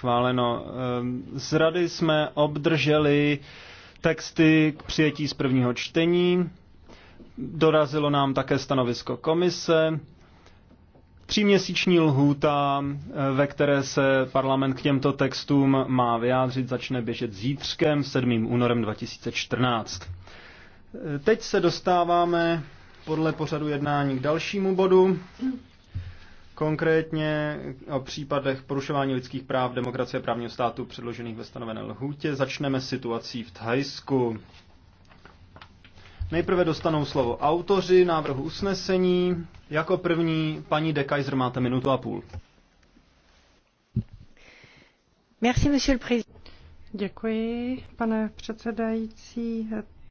schváleno. Ehm, z rady jsme obdrželi texty k přijetí z prvního čtení. Dorazilo nám také stanovisko komise. Tříměsíční lhůta, eh, ve které se parlament k těmto textům má vyjádřit, začne běžet zítřkem 7. únorem 2014. Eh, teď se dostáváme podle pořadu jednání k dalšímu bodu. Konkrétně o případech porušování lidských práv, demokracie a právního státu předložených ve stanovené lhůtě začneme situací v Thajsku. Nejprve dostanou slovo autoři návrhu usnesení. Jako první paní De Kaiser máte minutu a půl. Merci, monsieur le Děkuji, pane předsedající.